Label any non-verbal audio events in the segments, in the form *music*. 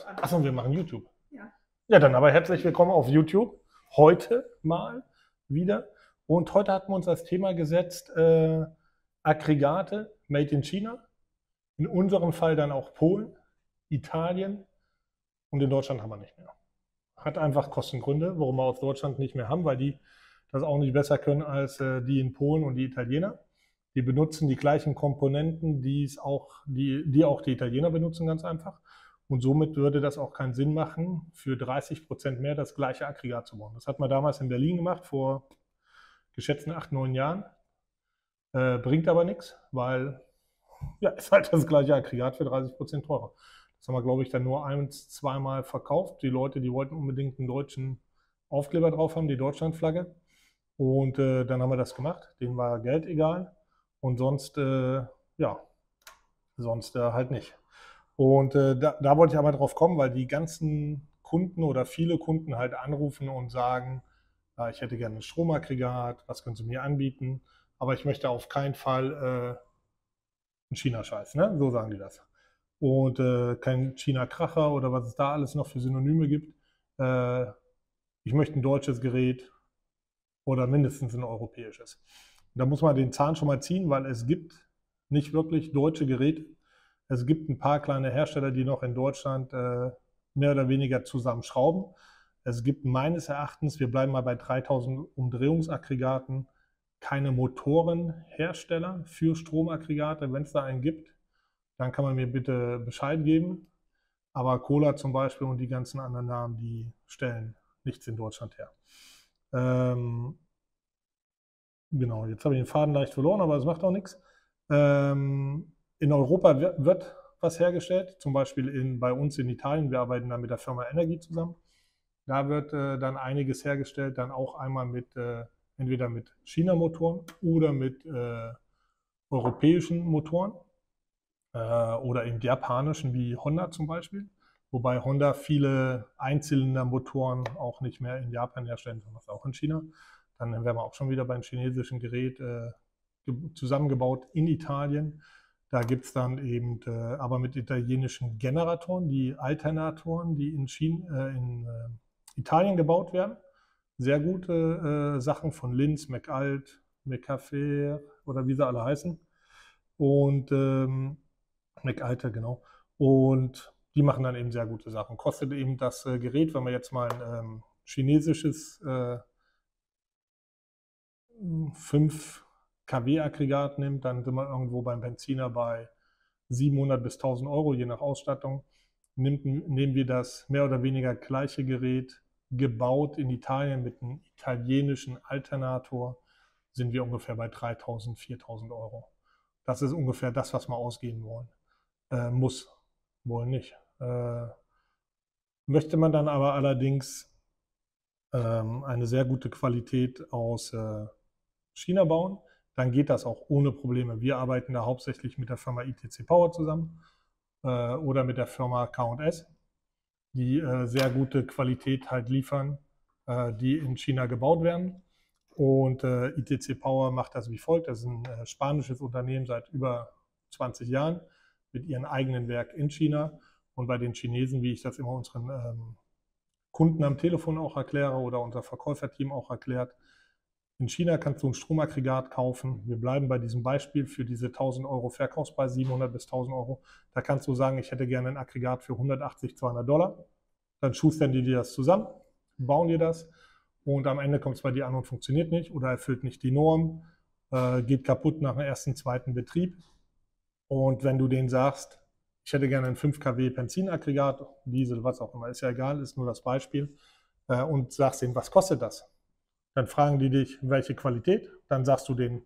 Podcast. Achso, wir machen YouTube. Ja. Ja, dann aber herzlich willkommen auf YouTube. Heute mal wieder. Und heute hatten wir uns als Thema gesetzt, äh, Aggregate made in China. In unserem Fall dann auch Polen, Italien und in Deutschland haben wir nicht mehr. Hat einfach Kostengründe, warum wir aus Deutschland nicht mehr haben, weil die das auch nicht besser können als äh, die in Polen und die Italiener. Die benutzen die gleichen Komponenten, auch, die, die auch die Italiener benutzen, ganz einfach. Und somit würde das auch keinen Sinn machen, für 30 Prozent mehr das gleiche Aggregat zu bauen. Das hat man damals in Berlin gemacht, vor geschätzten acht, neun Jahren. Äh, bringt aber nichts, weil ja, ist halt das gleiche Aggregat für 30 Prozent teurer. Das haben wir, glaube ich, dann nur ein, zweimal verkauft. Die Leute, die wollten unbedingt einen deutschen Aufkleber drauf haben, die Deutschlandflagge. Und äh, dann haben wir das gemacht. Denen war Geld egal. Und sonst, äh, ja, sonst äh, halt nicht. Und äh, da, da, wollte ich aber drauf kommen, weil die ganzen Kunden oder viele Kunden halt anrufen und sagen, äh, ich hätte gerne ein Stromaggregat, was können Sie mir anbieten? Aber ich möchte auf keinen Fall äh, einen China-Scheiß, ne? so sagen die das. Und äh, kein China-Kracher oder was es da alles noch für Synonyme gibt. Äh, ich möchte ein deutsches Gerät oder mindestens ein europäisches. da muss man den Zahn schon mal ziehen, weil es gibt nicht wirklich deutsche Geräte es gibt ein paar kleine Hersteller, die noch in Deutschland äh, mehr oder weniger zusammenschrauben. Es gibt meines Erachtens, wir bleiben mal bei 3000 Umdrehungsaggregaten, keine Motorenhersteller für Stromaggregate. Wenn es da einen gibt, dann kann man mir bitte Bescheid geben. Aber Cola zum Beispiel und die ganzen anderen Namen, die stellen nichts in Deutschland her. Ähm, genau, jetzt habe ich den Faden leicht verloren, aber es macht auch nichts. Ähm, in Europa wird, was hergestellt, zum Beispiel in, bei uns in Italien. Wir arbeiten da mit der Firma Energie zusammen. Da wird äh, dann einiges hergestellt, dann auch einmal mit äh, entweder mit China-Motoren oder mit äh, europäischen Motoren äh, oder in japanischen wie Honda zum Beispiel. Wobei Honda viele Einzylinder-Motoren auch nicht mehr in Japan herstellen, sondern auch in China. Dann werden wir auch schon wieder beim chinesischen Gerät äh, zusammengebaut in Italien. Da gibt es dann eben, äh, aber mit italienischen Generatoren, die Alternatoren, die in, Schien, äh, in äh, Italien gebaut werden. Sehr gute äh, Sachen von Linz, McAlt, McCafe oder wie sie alle heißen. Und ähm, McAlte, genau. Und die machen dann eben sehr gute Sachen. Kostet eben das äh, Gerät, wenn man jetzt mal ein ähm, chinesisches 5 äh, kW-Aggregat nimmt, dann sind wir irgendwo beim Benziner bei 700 bis 1000 Euro, je nach Ausstattung. Nimmt, nehmen wir das mehr oder weniger gleiche Gerät, gebaut in Italien mit einem italienischen Alternator, sind wir ungefähr bei 3000, 4000 Euro. Das ist ungefähr das, was wir ausgeben wollen. Äh, muss, wollen nicht. Äh, möchte man dann aber allerdings ähm, eine sehr gute Qualität aus äh, China bauen, dann geht das auch ohne Probleme. Wir arbeiten da hauptsächlich mit der Firma ITC Power zusammen äh, oder mit der Firma KS, die äh, sehr gute Qualität halt liefern, äh, die in China gebaut werden. Und äh, ITC Power macht das wie folgt. Das ist ein äh, spanisches Unternehmen seit über 20 Jahren mit ihrem eigenen Werk in China. Und bei den Chinesen, wie ich das immer unseren ähm, Kunden am Telefon auch erkläre oder unser Verkäuferteam auch erklärt, in China kannst du ein Stromaggregat kaufen. Wir bleiben bei diesem Beispiel für diese 1000 Euro Verkaufspreis, 700 bis 1000 Euro. Da kannst du sagen, ich hätte gerne ein Aggregat für 180, 200 Dollar. Dann schustern die dir das zusammen, mhm. bauen dir das und am Ende kommt es bei dir an und funktioniert nicht oder erfüllt nicht die Norm, äh, geht kaputt nach dem ersten, zweiten Betrieb. Und wenn du denen sagst, ich hätte gerne ein 5 kW Benzinaggregat, Diesel, was auch immer, ist ja egal, ist nur das Beispiel, äh, und sagst denen, was kostet das? Dann fragen die dich, welche Qualität. Dann sagst du denen,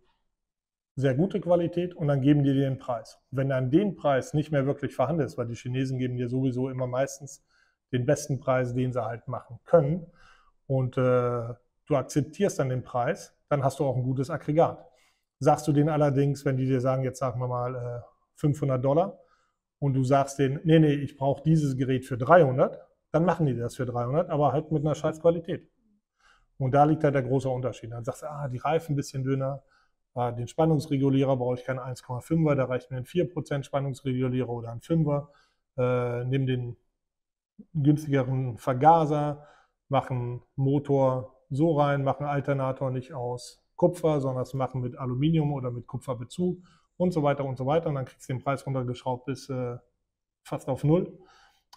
sehr gute Qualität und dann geben die dir den Preis. Wenn du an den Preis nicht mehr wirklich verhandelst, weil die Chinesen geben dir sowieso immer meistens den besten Preis, den sie halt machen können, und äh, du akzeptierst dann den Preis, dann hast du auch ein gutes Aggregat. Sagst du denen allerdings, wenn die dir sagen, jetzt sagen wir mal äh, 500 Dollar, und du sagst denen, nee, nee, ich brauche dieses Gerät für 300, dann machen die das für 300, aber halt mit einer scheiß Qualität. Und da liegt halt der große Unterschied. Dann sagst du, ah, die Reifen ein bisschen dünner, ah, den Spannungsregulierer brauche ich keinen 1,5er, da reicht mir ein 4% Spannungsregulierer oder ein 5er. Äh, nimm den günstigeren Vergaser, mach einen Motor so rein, mach einen Alternator nicht aus Kupfer, sondern das machen mit Aluminium oder mit Kupferbezug und so weiter und so weiter. Und dann kriegst du den Preis runtergeschraubt bis äh, fast auf Null,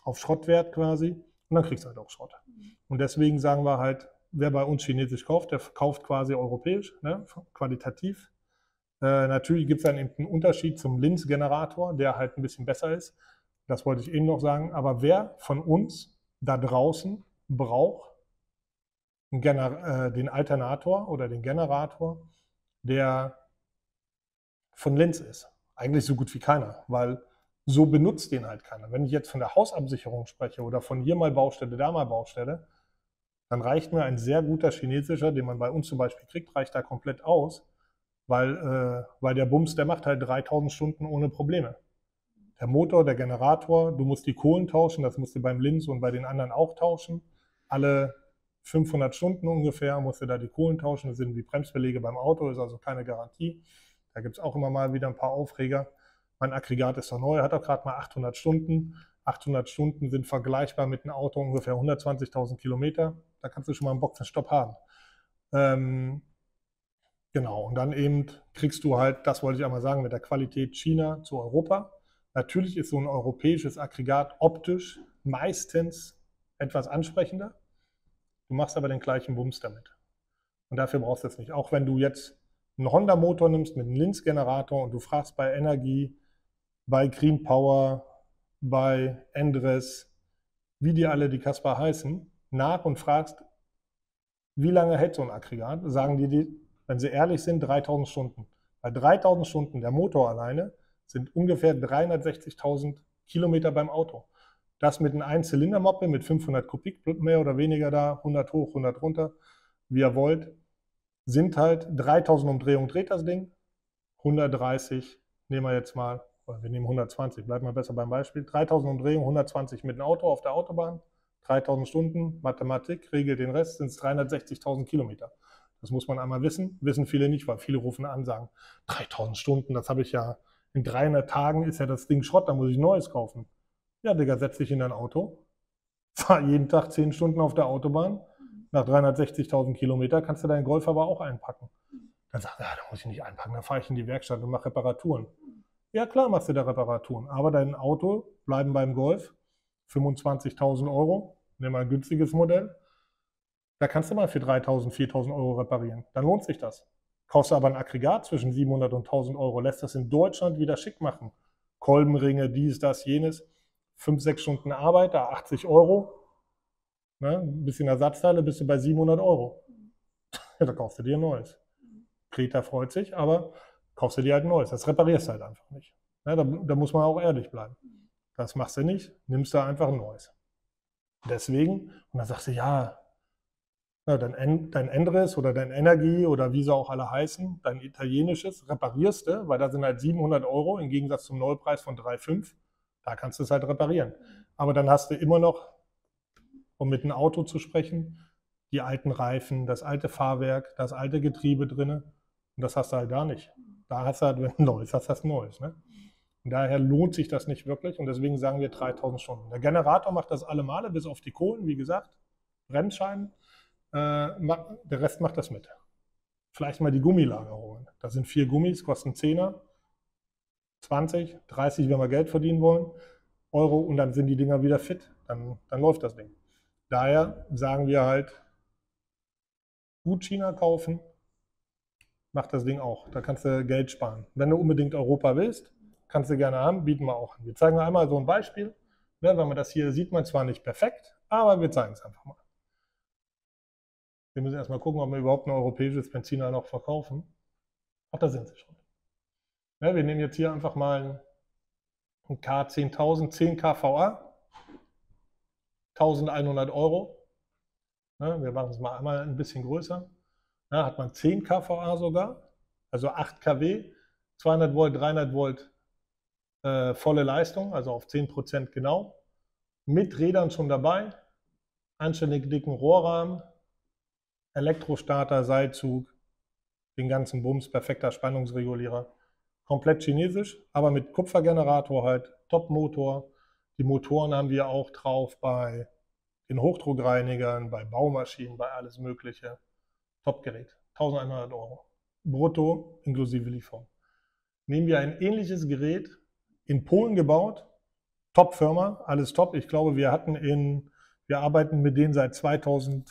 auf Schrottwert quasi. Und dann kriegst du halt auch Schrott. Mhm. Und deswegen sagen wir halt, wer bei uns Chinesisch kauft, der kauft quasi europäisch, ne, qualitativ. Äh, natürlich gibt es dann eben einen Unterschied zum Linz-Generator, der halt ein bisschen besser ist. Das wollte ich eben noch sagen. Aber wer von uns da draußen braucht äh, den Alternator oder den Generator, der von Linz ist? Eigentlich so gut wie keiner, weil so benutzt den halt keiner. Wenn ich jetzt von der Hausabsicherung spreche oder von hier mal Baustelle, da mal Baustelle, dann reicht mir ein sehr guter chinesischer, den man bei uns zum Beispiel kriegt, reicht da komplett aus, weil, äh, weil der Bums, der macht halt 3000 Stunden ohne Probleme. Der Motor, der Generator, du musst die Kohlen tauschen, das musst du beim Linz und bei den anderen auch tauschen. Alle 500 Stunden ungefähr musst du da die Kohlen tauschen, das sind die Bremsbeläge beim Auto, ist also keine Garantie. Da gibt es auch immer mal wieder ein paar Aufreger. Mein Aggregat ist doch neu, hat auch gerade mal 800 Stunden. 800 Stunden sind vergleichbar mit einem Auto ungefähr 120.000 Kilometer. Da kannst du schon mal einen Boxenstopp haben. Ähm, genau, und dann eben kriegst du halt, das wollte ich einmal sagen, mit der Qualität China zu Europa. Natürlich ist so ein europäisches Aggregat optisch meistens etwas ansprechender. Du machst aber den gleichen Bums damit. Und dafür brauchst du es nicht. Auch wenn du jetzt einen Honda-Motor nimmst mit einem Linz-Generator und du fragst bei Energie, bei Green Power, bei Endres, wie die alle, die Kaspar heißen, nach und fragst, wie lange hält so ein Aggregat, sagen die, die wenn sie ehrlich sind, 3000 Stunden. Bei 3000 Stunden der Motor alleine sind ungefähr 360.000 Kilometer beim Auto. Das mit einem einzylinder mit 500 Kubik, mehr oder weniger da, 100 hoch, 100 runter, wie ihr wollt, sind halt 3000 Umdrehungen dreht das Ding, 130 nehmen wir jetzt mal wir nehmen 120, bleibt mal besser beim Beispiel, 3000 Umdrehungen, 120 mit dem Auto auf der Autobahn, 3000 Stunden, Mathematik, regelt den Rest, sind es 360.000 Kilometer. Das muss man einmal wissen, wissen viele nicht, weil viele rufen an, sagen, 3000 Stunden, das habe ich ja, in 300 Tagen ist ja das Ding Schrott, da muss ich neues kaufen. Ja, Digga, setz dich in dein Auto, fahr jeden Tag 10 Stunden auf der Autobahn, nach 360.000 Kilometer kannst du deinen Golf aber auch einpacken. Dann sagt er, ja, ah, da muss ich nicht einpacken, dann fahre ich in die Werkstatt und mache Reparaturen. Ja, klar machst du da Reparaturen, aber dein Auto, bleiben beim Golf, 25.000 Euro, nimm mal ein günstiges Modell, da kannst du mal für 3.000, 4.000 Euro reparieren. Dann lohnt sich das. Kaufst du aber ein Aggregat zwischen 700 und 1.000 Euro, lässt das in Deutschland wieder schick machen. Kolbenringe, dies, das, jenes. Fünf, sechs Stunden Arbeit, da 80 Euro. Ne? Ein bisschen Ersatzteile, bist du bei 700 Euro. *laughs* da kaufst du dir ein neues. Kreta freut sich, aber kaufst du dir halt ein neues. Das reparierst du halt einfach nicht. Ja, ne, da, da, muss man auch ehrlich bleiben. Das machst du nicht, nimmst du einfach ein neues. Deswegen, und dann sagst du, ja, ja dein, dein Endres oder dein Energie oder wie sie auch alle heißen, dein italienisches, reparierst du, weil da sind halt 700 Euro im Gegensatz zum Neupreis von 3,5. Da kannst du es halt reparieren. Aber dann hast du immer noch, um mit einem Auto zu sprechen, die alten Reifen, das alte Fahrwerk, das alte Getriebe drinne. Und das hast du halt gar nicht da hast du halt Neues, hast das Neues. Ne? Und daher lohnt sich das nicht wirklich und deswegen sagen wir 3000 Stunden. Der Generator macht das alle Male, bis auf die Kohlen, wie gesagt, Bremsscheiben. Äh, der Rest macht das mit. Vielleicht mal die Gummilagerungen. Da sind vier Gummis, kosten 10er, 20, 30, wenn wir Geld verdienen wollen, Euro und dann sind die Dinger wieder fit. Dann, dann läuft das Ding. Daher sagen wir halt, gut China kaufen, macht das Ding auch. Da kannst du Geld sparen. Wenn du unbedingt Europa willst, kannst du gerne haben, bieten wir auch an. Wir zeigen einmal so ein Beispiel. Ne, wenn man das hier sieht, man zwar nicht perfekt, aber wir zeigen es einfach mal. Wir müssen erstmal gucken, ob wir überhaupt ein europäisches Benziner noch verkaufen. Ach, da sind sie schon. Ne, wir nehmen jetzt hier einfach mal ein K10.000, 10 kVA, 1100 Euro. Ne, wir machen es mal einmal ein bisschen größer. Da hat man 10 kVA sogar, also 8 kW, 200 Volt, 300 Volt äh, volle Leistung, also auf 10 genau. Mit Rädern schon dabei, anständig dicken Rohrrahmen, Elektrostarter, Seilzug, den ganzen Bums, perfekter Spannungsregulierer. Komplett chinesisch, aber mit Kupfergenerator halt, Topmotor. Die Motoren haben wir auch drauf bei den Hochdruckreinigern, bei Baumaschinen, bei alles Mögliche. Top-Gerät, 1100 Euro. Brutto inklusive Lieferung. Nehmen wir ein ähnliches Gerät, in Polen gebaut, Top-Firma, alles top. Ich glaube, wir hatten in, wir arbeiten mit denen seit 2009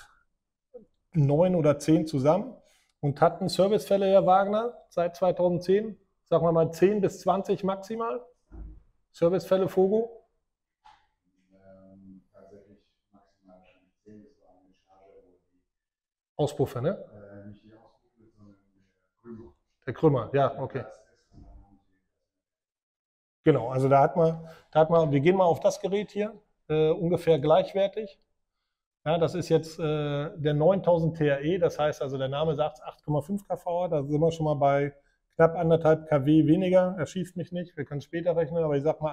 oder 10 zusammen und hatten Servicefälle, Herr Wagner, seit 2010, sagen wir mal 10 bis 20 maximal. Servicefälle Fogo, Auspuffer, ne? Äh, der Krümmer, ja, okay. Genau, also da hat man, da hat man, wir gehen mal auf das Gerät hier, äh, ungefähr gleichwertig. Ja, das ist jetzt äh, der 9000 TRE, das heißt also, der Name sagt 8,5 kVA, da sind wir schon mal bei knapp anderthalb kW weniger. Er schießt mich nicht, wir können später rechnen, aber ich sag mal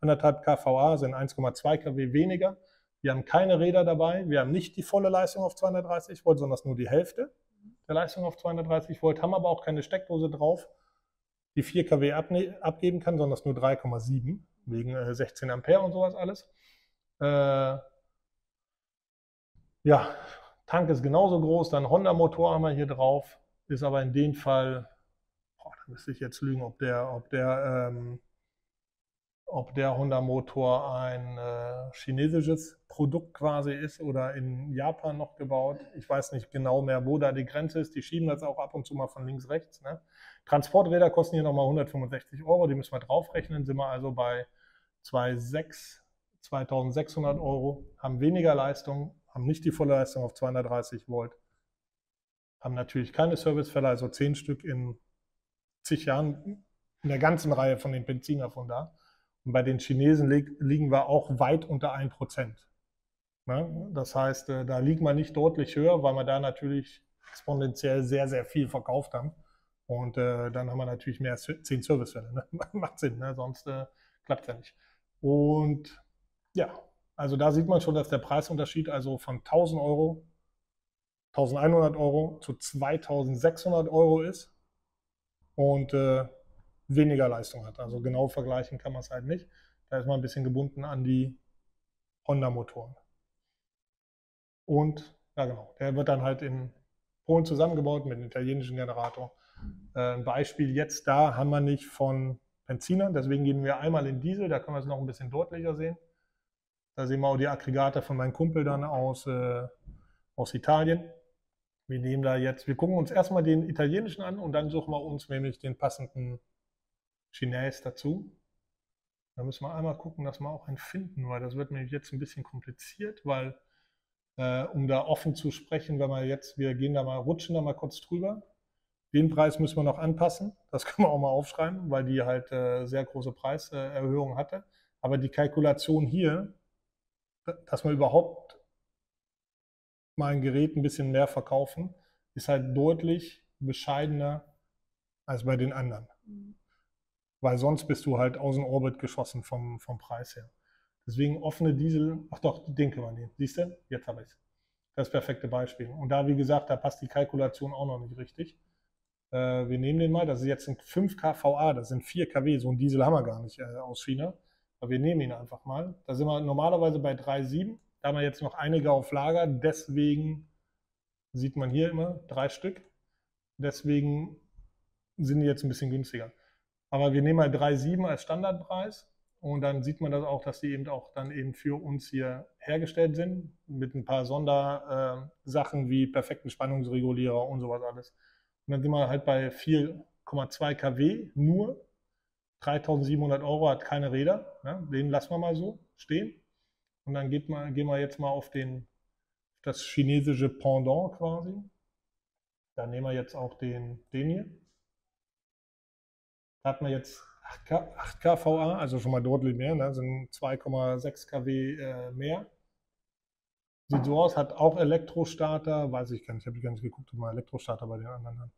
anderthalb kVA sind 1,2 kW weniger. Wir haben keine Räder dabei, wir haben nicht die volle Leistung auf 230 Volt, sondern nur die Hälfte der Leistung auf 230 Volt, haben aber auch keine Steckdose drauf, die 4 kW abgeben kann, sondern nur 3,7 wegen äh, 16 Ampere und sowas alles. Äh, ja, Tank ist genauso groß, dann Honda-Motor haben wir hier drauf, ist aber in dem Fall, boah, da müsste ich jetzt lügen, ob der, ob der ähm, ob der Honda-Motor ein äh, chinesisches Produkt quasi ist oder in Japan noch gebaut. Ich weiß nicht genau mehr, wo da die Grenze ist. Die schieben das auch ab und zu mal von links rechts. Ne? Transporträder kosten hier nochmal 165 Euro, die müssen wir draufrechnen. Sind wir also bei 2,6, 2600 Euro, haben weniger Leistung, haben nicht die volle Leistung auf 230 Volt, haben natürlich keine Servicefälle, also 10 Stück in zig Jahren in der ganzen Reihe von den Benziner von da und bei den Chinesen liegen wir auch weit unter 1%. Ne? Das heißt, äh, da liegt man nicht deutlich höher, weil wir da natürlich exponentiell sehr, sehr viel verkauft haben. Und äh, dann haben wir natürlich mehr als 10 Servicefälle. Ne? *laughs* Macht Sinn, ne? sonst äh, klappt es ja nicht. Und ja, also da sieht man schon, dass der Preisunterschied also von 1000 Euro, 1100 Euro zu 2600 Euro ist. Und äh, weniger Leistung hat. Also genau vergleichen kann man es halt nicht. Da ist man ein bisschen gebunden an die Honda-Motoren. Und, ja genau, der wird dann halt in Polen zusammengebaut mit einem italienischen Generator. Mhm. Äh, ein Beispiel jetzt da haben wir nicht von Benzinern, deswegen gehen wir einmal in Diesel, da können wir es noch ein bisschen deutlicher sehen. Da sehen wir auch die Aggregate von meinem Kumpel dann aus, äh, aus Italien. Wir nehmen da jetzt, wir gucken uns erstmal den italienischen an und dann suchen wir uns nämlich den passenden Chinese dazu. Da müssen wir einmal gucken, dass wir auch einen finden, weil das wird mir jetzt ein bisschen kompliziert, weil äh, um da offen zu sprechen, wenn wir jetzt, wir gehen da mal, rutschen da mal kurz drüber. Den Preis müssen wir noch anpassen, das *laughs* können wir auch mal aufschreiben, weil die halt äh, sehr große Preiserhöhungen hatte. Aber die Kalkulation hier, dass wir überhaupt mal ein Gerät ein bisschen mehr verkaufen, ist halt deutlich bescheidener als bei den anderen. Mhm weil sonst bist du halt aus dem Orbit geschossen vom, vom Preis her. Deswegen offene Diesel, ach doch, den können wir nehmen. Siehst du? Jetzt habe ich es. Das perfekte Beispiel. Und da, wie gesagt, da passt die Kalkulation auch noch nicht richtig. Äh, wir nehmen den mal, das ist jetzt ein 5 kVA, das sind 4 kW, so ein Diesel haben wir gar nicht äh, aus China. Aber wir nehmen ihn einfach mal. Da sind wir normalerweise bei 3,7. Da haben wir jetzt noch einige auf Lager, deswegen sieht man hier immer drei Stück. Deswegen sind die jetzt ein bisschen günstiger. Aber wir nehmen mal 3,7 als Standardpreis und dann sieht man das auch, dass die eben auch dann eben für uns hier hergestellt sind mit ein paar Sondersachen äh, wie perfekten Spannungsregulierer und sowas alles. Und dann sind wir halt bei 4,2 kW nur. 3700 Euro hat keine Räder. Ne? Den lassen wir mal so stehen. Und dann geht mal, gehen wir jetzt mal auf den, das chinesische Pendant quasi. Da nehmen wir jetzt auch den, den hier. Da hat man jetzt 8K, 8K also schon mal deutlich mehr, ne? sind 2,6 kW äh, mehr. Sieht so aus, hat auch Elektrostarter, weiß ich gar nicht, habe ich gar nicht geguckt, ob man Elektrostarter bei den anderen hat.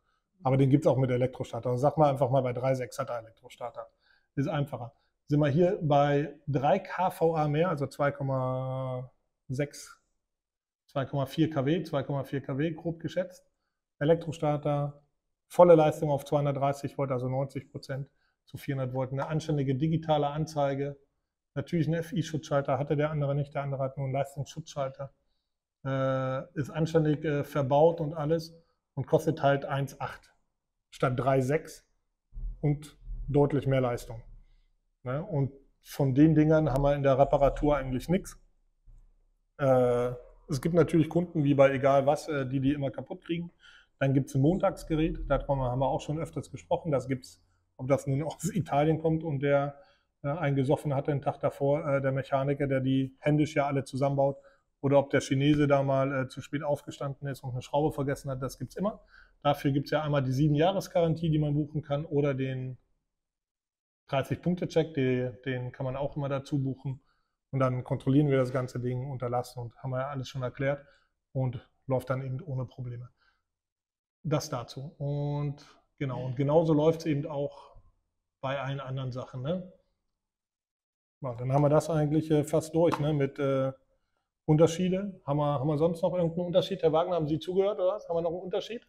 Aber den gibt es auch mit Elektrostarter. Und also sag mal einfach mal, bei 3,6 hat er Elektrostarter. Ist einfacher. Sind wir hier bei 3 kVA mehr, also 2,6, 2,4 kW, 2,4 kW grob geschätzt. Elektrostarter, volle Leistung auf 230 Volt, also 90 Prozent zu 400 Volt. Eine anständige digitale Anzeige. Natürlich einen FI-Schutzschalter hatte der andere nicht, der andere hat nur einen Leistungsschutzschalter. Äh, ist anständig äh, verbaut und alles und kostet halt 1,8 statt 3,6 und deutlich mehr Leistung. Ne? Und von den Dingern haben wir in der Reparatur eigentlich nichts. Äh, es gibt natürlich Kunden wie bei egal was, äh, die die immer kaputt kriegen. Dann gibt es ein Montagsgerät, darüber haben wir auch schon öfters gesprochen. Das gibt es, ob das nun *laughs* aus Italien kommt und der äh, einen gesoffen hatte den Tag davor, äh, der Mechaniker, der die händisch ja alle zusammenbaut, oder ob der Chinese da mal äh, zu spät aufgestanden ist und eine Schraube vergessen hat, das gibt es immer. Dafür gibt es ja einmal die 7-Jahres-Garantie, die man buchen kann, oder den 30-Punkte-Check, den kann man auch immer dazu buchen. Und dann kontrollieren wir das ganze Ding, unterlassen und haben wir ja alles schon erklärt und läuft dann eben ohne Probleme das dazu. Und genau, und mhm. genauso läuft es eben auch bei allen anderen Sachen. Ne? Ja, dann haben wir das eigentlich äh, fast durch ne? mit äh, Unterschiede. Haben wir, haben wir sonst noch irgendeinen Unterschied? Herr Wagner, haben Sie zugehört oder was? Haben wir noch einen Unterschied?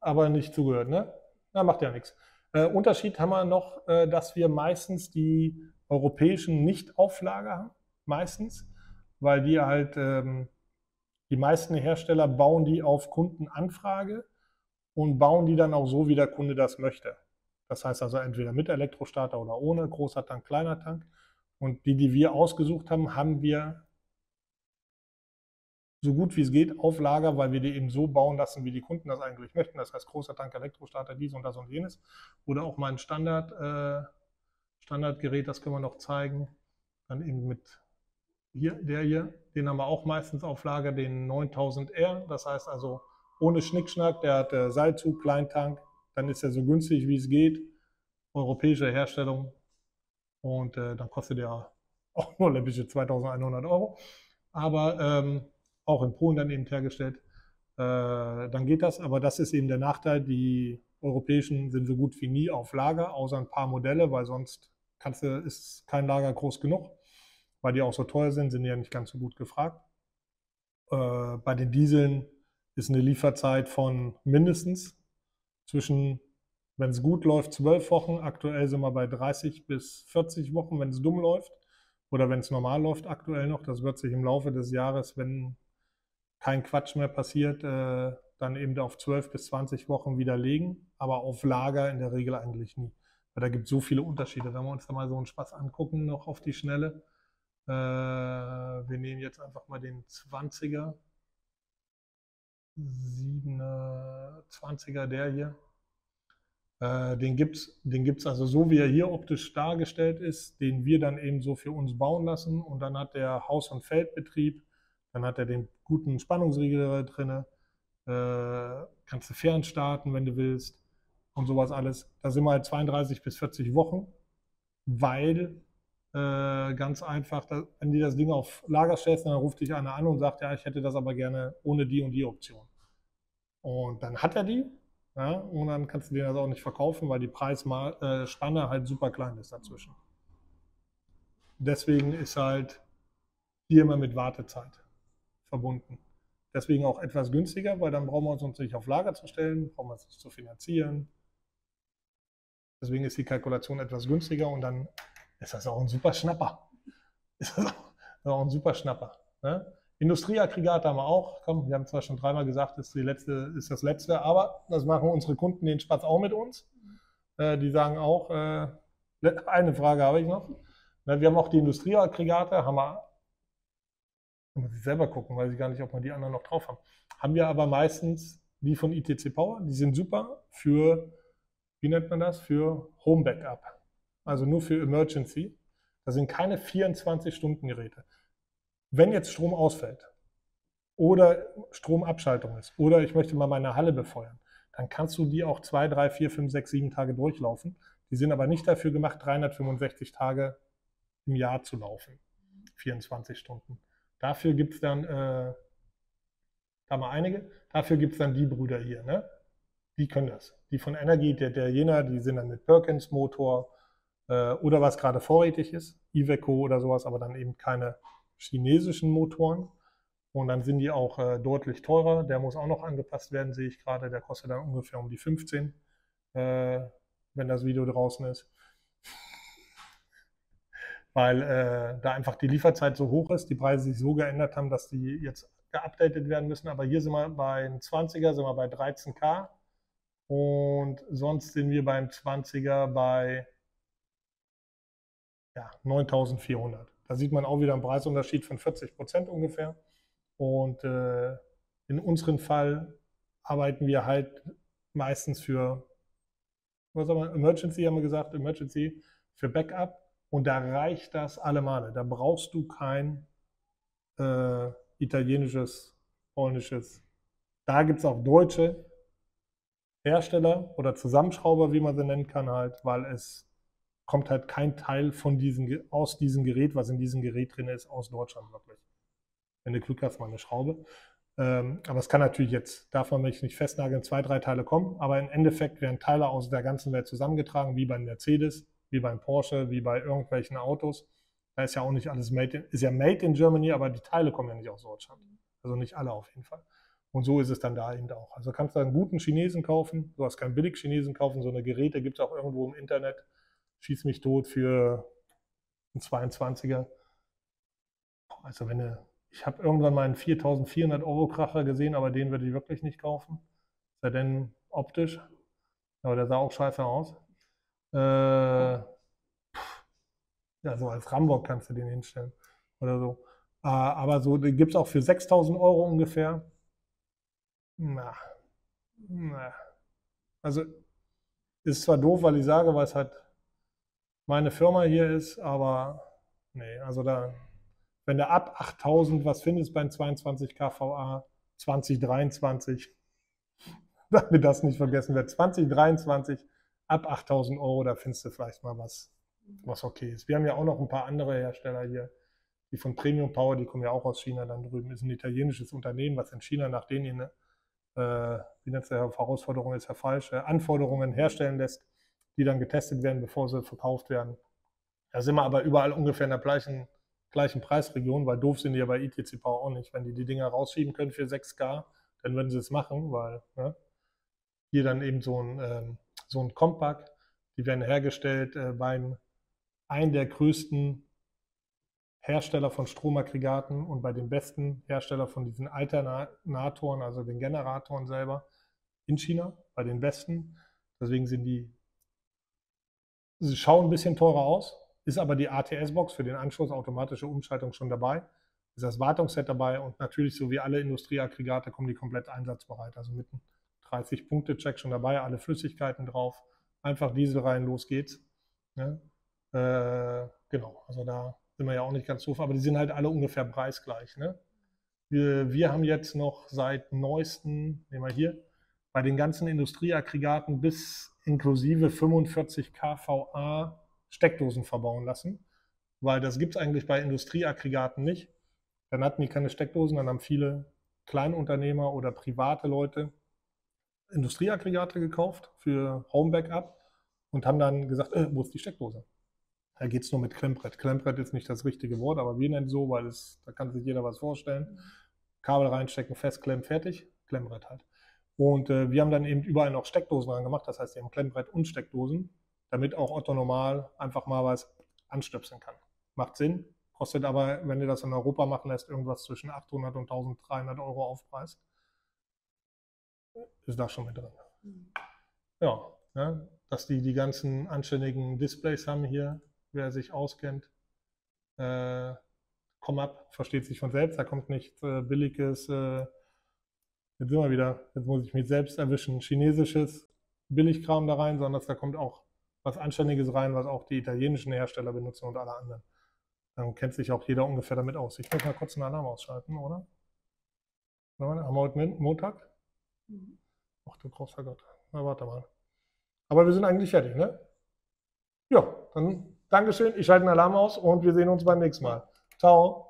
Aber nicht zugehört, ne? Na, macht ja nichts. Äh, Unterschied haben wir noch, äh, dass wir meistens die europäischen Nicht-Auflage haben, meistens, weil die halt. Ähm, die meisten Hersteller bauen die auf Kundenanfrage und bauen die dann auch so, wie der Kunde das möchte. Das heißt also entweder mit Elektrostarter oder ohne, großer Tank, kleiner Tank. Und die, die wir ausgesucht haben, haben wir so gut wie es geht auf Lager, weil wir die eben so bauen lassen, wie die Kunden das eigentlich möchten. Das heißt, großer Tank, Elektrostarter, dies und das und jenes. Oder auch mal ein Standard, äh, Standardgerät, das können wir noch zeigen. Dann eben mit hier, der hier, den haben wir auch meistens auf Lager, den 9000R. Das heißt also ohne Schnickschnack, der hat äh, Seilzug, Kleintank, dann ist er so günstig wie es geht. Europäische Herstellung und äh, dann kostet er auch nur läppische 2100 Euro. Aber ähm, auch in Polen dann eben hergestellt, äh, dann geht das. Aber das ist eben der Nachteil, die europäischen sind so gut wie nie auf Lager, außer ein paar Modelle, weil sonst kannst du, ist kein Lager groß genug weil die auch so teuer sind, sind die ja nicht ganz so gut gefragt. Äh, bei den Dieseln ist eine Lieferzeit von mindestens zwischen, wenn es gut läuft, zwölf Wochen. Aktuell sind wir bei 30 bis 40 Wochen, wenn es dumm läuft. Oder wenn es normal läuft, aktuell noch. Das wird sich im Laufe des Jahres, wenn kein Quatsch mehr passiert, äh, dann eben auf 12 bis 20 Wochen widerlegen. Aber auf Lager in der Regel eigentlich nie. Weil da gibt es so viele Unterschiede. Wenn wir uns da mal so einen Spaß angucken, noch auf die Schnelle, äh, wir nehmen jetzt einfach mal den 20er. 7er, 20er, der hier. Äh, den gibt es den gibt's also so, wie er hier optisch dargestellt ist, den wir dann eben so für uns bauen lassen. Und dann hat der Haus- und Feldbetrieb, dann hat er den guten Spannungsregler drin. Äh, kannst du fern starten, wenn du willst und sowas alles. Da sind wir halt 32 bis 40 Wochen, weil äh, ganz einfach, dass, wenn du das Ding auf Lager stellst, dann ruft dich einer an und sagt, ja, ich hätte das aber gerne ohne die und die Option. Und dann hat er die ja, und dann kannst du den das also auch nicht verkaufen, weil die Preisspanne halt super klein ist dazwischen. Deswegen ist halt hier immer mit Wartezeit verbunden. Deswegen auch etwas günstiger, weil dann brauchen wir uns, uns nicht auf Lager zu stellen, brauchen wir es nicht zu finanzieren. Deswegen ist die Kalkulation etwas günstiger und dann ist das auch ein super Schnapper. *laughs* Ist das auch, ist auch ein super Schnapper. Ne? Industrieaggregate haben wir auch. Komm, wir haben zwar schon dreimal gesagt, das ist, die letzte, ist das letzte, aber das machen unsere Kunden den Spaß auch mit uns. Äh, die sagen auch, äh, ne, eine Frage habe ich noch. Ne, wir haben auch die Industrieaggregate, haben wir, muss ich selber gucken, weiß ich gar nicht, ob wir die anderen noch drauf haben. Haben wir aber meistens die von ITC Power, die sind super für, wie nennt man das, für Home Backup also nur für Emergency. Da sind keine 24-Stunden-Geräte. Wenn jetzt Strom ausfällt oder Stromabschaltung ist oder ich möchte mal meine Halle befeuern, dann kannst du die auch zwei, drei, vier, fünf, sechs, sieben Tage durchlaufen. Die sind aber nicht dafür gemacht, 365 Tage im Jahr zu laufen. 24 Stunden. Dafür gibt es dann, äh, da mal einige, dafür gibt es dann die Brüder hier, ne? Die können das. Die von Energy, der, der Jena, die sind dann mit Perkins Motor, äh, oder was gerade vorrätig ist, Iveco oder sowas, aber dann eben keine chinesischen Motoren. Und dann sind die auch äh, deutlich teurer. Der muss auch noch angepasst werden, sehe ich gerade. Der kostet dann ungefähr um die 15, äh, wenn das Video draußen ist. *laughs* Weil äh, da einfach die Lieferzeit so hoch ist, die Preise sich so geändert haben, dass die jetzt geupdatet werden müssen. Aber hier sind wir beim 20er, sind wir bei 13k. Und sonst sind wir beim 20er bei ja, 9.400. Da sieht man auch wieder einen Preisunterschied von 40 Prozent ungefähr. Und äh, in unserem Fall arbeiten wir halt meistens für, was haben wir, Emergency haben wir gesagt, Emergency für Backup. Und da reicht das alle Male. Da brauchst du kein äh, italienisches, polnisches. Da gibt es auch deutsche Hersteller oder Zusammenschrauber, wie man sie nennen kann, halt, weil es kommt halt kein Teil von diesen, aus diesem Gerät, was in diesem Gerät drin ist, aus Deutschland wirklich. Wenn du Glück hast, mal eine Schraube. Ähm, aber es kann natürlich jetzt, darf man mich nicht festnageln, zwei, drei Teile kommen. Aber im Endeffekt werden Teile aus der ganzen Welt zusammengetragen, wie bei Mercedes, wie beim Porsche, wie bei irgendwelchen Autos. Da ist ja auch nicht alles made in, ist ja made in Germany, aber die Teile kommen ja nicht aus Deutschland. Also nicht alle auf jeden Fall. Und so ist es dann da eben auch. Also kannst du einen guten Chinesen kaufen, du hast keinen billig Chinesen kaufen, so eine Geräte gibt es auch irgendwo im Internet schieß mich tot für einen 22er. Also wenn du, ich habe irgendwann mal einen 4400 Euro Kracher gesehen, aber den würde ich wirklich nicht kaufen. Sei denn optisch. Aber der sah auch scheiße aus. Äh, ja, so als Rambock kannst du den hinstellen oder so. Äh, aber so den gibt es auch für 6000 Euro ungefähr. Na, na. Also ist zwar doof, weil ich sage, weil es halt meine Firma hier ist, aber nee, also da, wenn du ab 8000 was findest beim 22 KVA 2023, damit das nicht vergessen wird, 2023 ab 8000 Euro, da findest du vielleicht mal was, was okay ist. Wir haben ja auch noch ein paar andere Hersteller hier, die von Premium Power, die kommen ja auch aus China dann drüben, ist ein italienisches Unternehmen, was in China nach denen, äh, wie nennt es Herausforderung ist ja falsch, äh, Anforderungen herstellen lässt die dann getestet werden, bevor sie verkauft werden. Da sind wir aber überall ungefähr in der gleichen, gleichen Preisregion, weil doof sind die ja bei ETC Power auch nicht. Wenn die die Dinger rausschieben können für 6K, dann würden sie es machen, weil ne, hier dann eben so ein, ähm, so ein Compact, die werden hergestellt äh, beim einen der größten Hersteller von Stromaggregaten und bei den besten Hersteller von diesen Alternatoren, also den Generatoren selber in China, bei den besten. Deswegen sind die Sie schauen ein bisschen teurer aus, ist aber die ATS-Box für den Anschluss automatische Umschaltung schon dabei, ist das Wartungsset dabei und natürlich, so wie alle Industrieaggregate, kommen die komplett einsatzbereit. Also mit einem 30-Punkte-Check schon dabei, alle Flüssigkeiten drauf, einfach Diesel rein, los geht's. Ne? Äh, genau, also da sind wir ja auch nicht ganz doof, aber die sind halt alle ungefähr preisgleich. Ne? Wir, wir haben jetzt noch seit neuesten, nehmen wir hier, bei den ganzen Industrieaggregaten bis inklusive 45 kVA Steckdosen verbauen lassen, weil das gibt es eigentlich bei Industrieaggregaten nicht. Dann hatten die keine Steckdosen, dann haben viele Kleinunternehmer oder private Leute Industrieaggregate gekauft für Home Backup und haben dann gesagt, äh, wo ist die Steckdose? Da geht es nur mit Klemmbrett. Klemmbrett ist nicht das richtige Wort, aber wir nennen es so, weil es, da kann sich jeder was vorstellen. Kabel reinstecken, festklemmen, fertig. Klemmbrett halt. Und äh, wir haben dann eben überall noch Steckdosen dran gemacht, das heißt, wir haben Klemmbrett und Steckdosen, damit auch Otto normal einfach mal was anstöpseln kann. Macht Sinn, kostet aber, wenn ihr das in Europa machen lässt, irgendwas zwischen 800 und 1300 Euro Aufpreis. Ist da schon mit drin. Mhm. Ja, ne? dass die die ganzen anständigen Displays haben hier, wer sich auskennt. Äh, ab, versteht sich von selbst, da kommt nichts äh, Billiges. Äh, Jetzt sind wir wieder, jetzt muss ich mich selbst erwischen, chinesisches Billigkram da rein, sondern da kommt auch was Anständiges rein, was auch die italienischen Hersteller benutzen und alle anderen. Dann kennt sich auch jeder ungefähr damit aus. Ich muss mal kurz einen Alarm ausschalten, oder? Haben wir heute Montag? Mhm. Ach du großer Gott. Na, warte mal. Aber wir sind eigentlich fertig, ne? Ja, dann Dankeschön. Ich schalte einen Alarm aus und wir sehen uns beim nächsten Mal. Ciao.